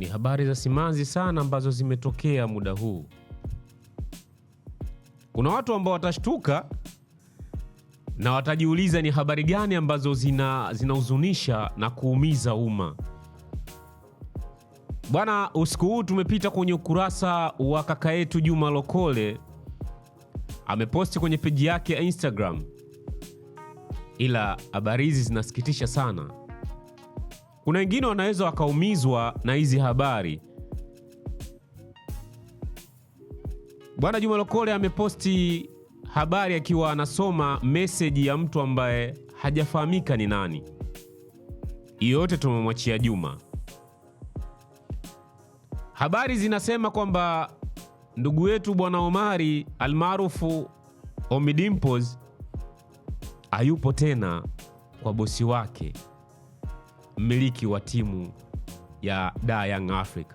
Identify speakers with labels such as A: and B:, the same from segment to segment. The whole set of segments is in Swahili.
A: Ni habari za simanzi sana ambazo zimetokea muda huu. Kuna watu ambao watashtuka na watajiuliza ni habari gani ambazo zinahuzunisha zina na kuumiza umma. Bwana, usiku huu tumepita kwenye ukurasa wa kaka yetu Juma Lokole, ameposti kwenye peji yake ya Instagram, ila habari hizi zinasikitisha sana. Kuna wengine wanaweza wakaumizwa na hizi habari. Bwana Juma Lokole ameposti habari akiwa anasoma meseji ya mtu ambaye hajafahamika ni nani. Yote tumemwachia Juma. Habari zinasema kwamba ndugu yetu bwana Omari almaarufu Omidimpos hayupo tena kwa bosi wake mmiliki wa timu ya Da Young Africa.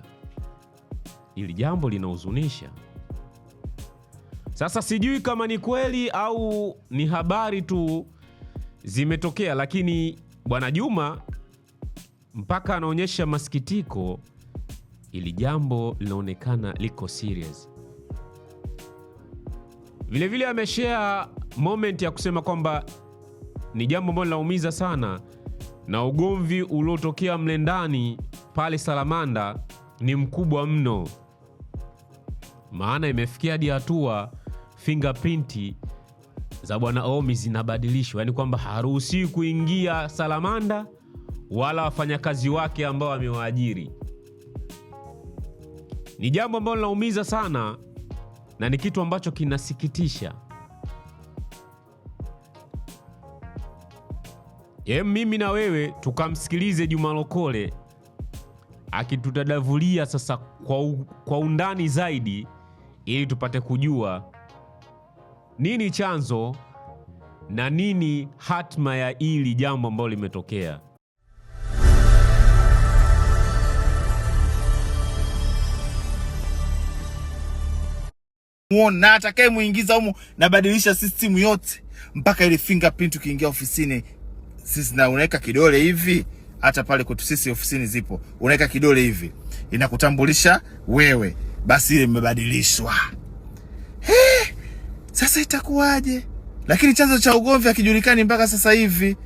A: Hili jambo linahuzunisha. Sasa sijui kama ni kweli au ni habari tu zimetokea, lakini Bwana Juma mpaka anaonyesha masikitiko. Hili jambo linaonekana liko serious. Vilevile ameshare moment ya kusema kwamba ni jambo ambalo linaumiza sana na ugomvi uliotokea mle ndani pale Salamanda ni mkubwa mno, maana imefikia hadi hatua fingerprint za bwana Omi zinabadilishwa, yaani kwamba haruhusiwi kuingia Salamanda wala wafanyakazi wake ambao amewaajiri. Ni jambo ambalo linaumiza sana na ni kitu ambacho kinasikitisha. Ye, mimi na wewe tukamsikilize Juma Lokole akitutadavulia sasa kwa, u, kwa undani zaidi ili tupate kujua nini chanzo na nini hatma ya hili jambo ambalo limetokea.
B: Muona atakaye muingiza humu, nabadilisha system yote mpaka ile fingerprint ukiingia ofisini sisi na unaweka kidole hivi, hata pale kwetu sisi ofisini zipo, unaweka kidole hivi inakutambulisha wewe, basi ile imebadilishwa. Sasa itakuwaje? Lakini chanzo cha ugomvi hakijulikani mpaka sasa hivi,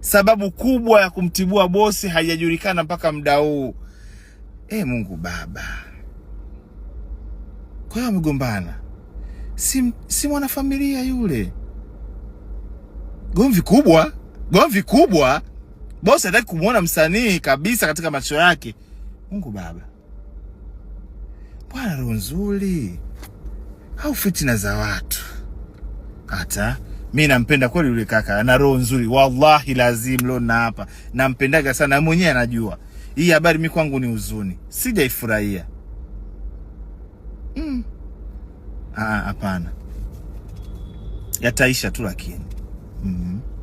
B: sababu kubwa ya kumtibua bosi haijajulikana mpaka muda huu. E, Mungu Baba. Kwa hiyo wamegombana, si, si mwanafamilia yule, gomvi kubwa gomvi kubwa, bosi hataki kumwona msanii kabisa katika macho yake. Mungu Baba, Bwana roho nzuri au fitina za watu? Hata mi nampenda kweli yule kaka, ana roho nzuri wallahi, lazim leo na hapa nampendaga sana, mwenyewe anajua hii habari. Mi kwangu ni huzuni, sijaifurahia mm. Ah, ah, hapana, yataisha tu lakini mm -hmm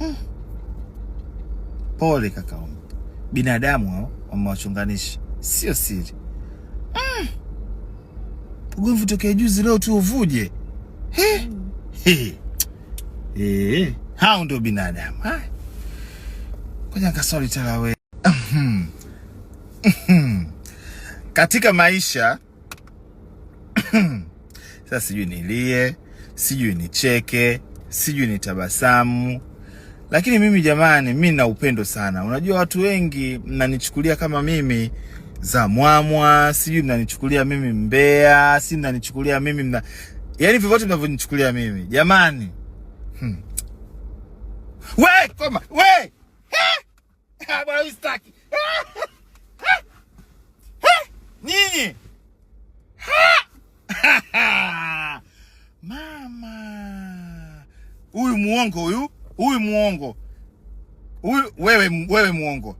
B: hmm. Pole kakaombe, binadamu hao wamewachunganisha, sio siri hmm. Ugomvi tokea juzi, leo tu uvuje hmm. E, hao ndio binadamu we hmm. hmm. katika maisha sasa, sijui nilie, sijui nicheke, sijui nitabasamu, lakini mimi jamani, mi na upendo sana. Unajua watu wengi mnanichukulia kama mimi za mwamwa, sijui mnanichukulia mimi mbea, si mnanichukulia mimi mna, yani vyovyote mnavyonichukulia mimi jamani, hmm. We koma we mama, huyu muongo huyu huyu muongo huyu, wewe, wewe muongo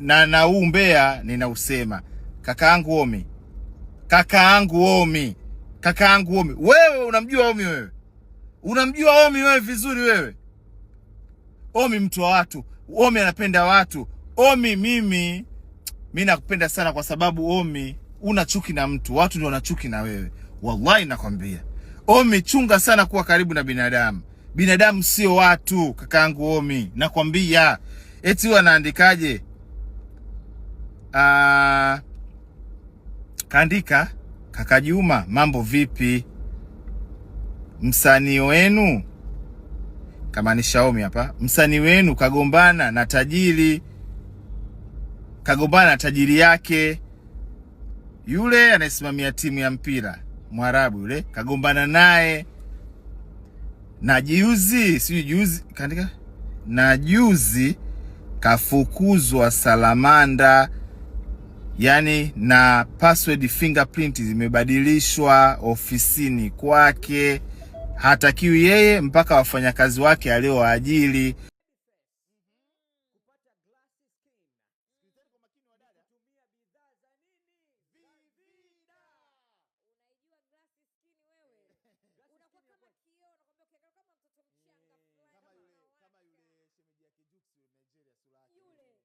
B: na na huu mbea ninausema, kakaangu Omi, kakaangu Omi, kakaangu Omi. Wewe unamjua Omi, wewe unamjua Omi wewe vizuri wewe. Omi mtu wa watu, Omi anapenda watu. Omi mimi mi nakupenda sana kwa sababu Omi una chuki na mtu, watu ndio wana chuki na wewe. Wallahi nakwambia Omi, chunga sana kuwa karibu na binadamu. Binadamu sio watu, kakaangu Omi, nakwambia. Eti wanaandikaje? Ah, kaandika kaka Juma, mambo vipi? Msanii wenu kama ni Shaomi hapa, msanii wenu kagombana na tajiri, kagombana na tajiri yake yule anayesimamia timu ya mpira Mwarabu yule, kagombana naye na juzi sijui juzi kaandika na juzi kafukuzwa salamanda, yani na password fingerprint zimebadilishwa ofisini kwake, hatakiwi yeye mpaka wafanyakazi wake aliowaajiri ile sura yake yule eh,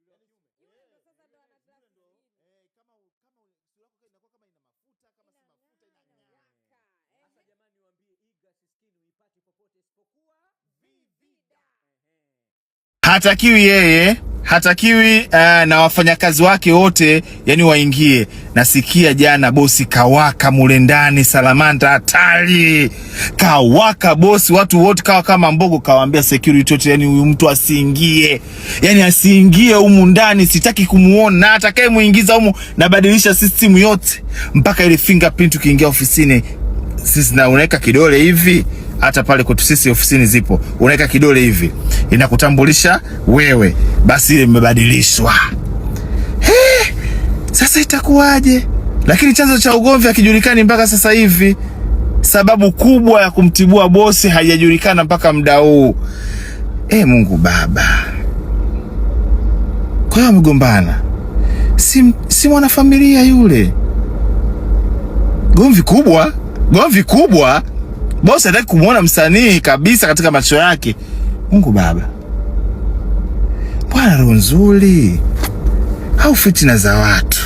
B: yule wa yaani kiume yule ndo eh, sasa ndo eh, ana glasi nyingine eh, kama kama sura yako inakuwa kama ina mafuta kama si mafuta inang'aka. Sasa jamani, niwaambie hii glasi skin uipate popote isipokuwa Vivida. Hatakiwi yeye hatakiwi uh, na wafanyakazi wake wote yani waingie. Nasikia jana bosi kawaka mule ndani, Salamanda hatari, kawaka bosi, watu wote kawa kama mbogo. Kawaambia security wote, yani huyu mtu asiingie, yani asiingie humu ndani, sitaki kumuona. Atakaye muingiza humu nabadilisha system yote, mpaka ile fingerprint. Ukiingia ofisini, sisi na unaweka kidole hivi hata pale kwetu sisi ofisini zipo, unaweka kidole hivi inakutambulisha wewe, basi ile imebadilishwa. sasa itakuwaje? Lakini chanzo cha ugomvi hakijulikani mpaka sasa hivi. Sababu kubwa ya kumtibua bosi haijajulikana mpaka muda huu. e Mungu Baba. Kwa hiyo wamegombana, si, si mwanafamilia yule. Gomvi kubwa, gomvi kubwa bosi hataki kumwona msanii kabisa katika macho yake. Mungu Baba, Bwana roho nzuri au fitina za watu?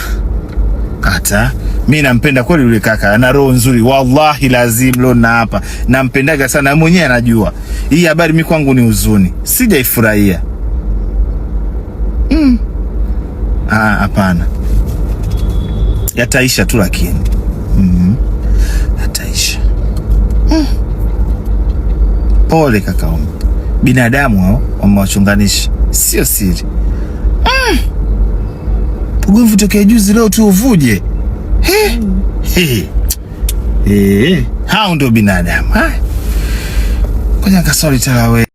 B: Hata mi nampenda kweli yule kaka, ana roho nzuri wallahi, lazim lo, na hapa nampendaga sana, mwenyewe anajua hii habari. Mi kwangu ni huzuni, sijaifurahia mm. Ah, hapana, yataisha tu lakini mm -hmm. yataisha Mm. Pole wangu. binadamu hao wamewachunganisha, sio siri. Mm. Ugomvi tokea juzi, leo tu uvuje. Mm. Hao ndio binadamu. Kwenye kasori tala wewe.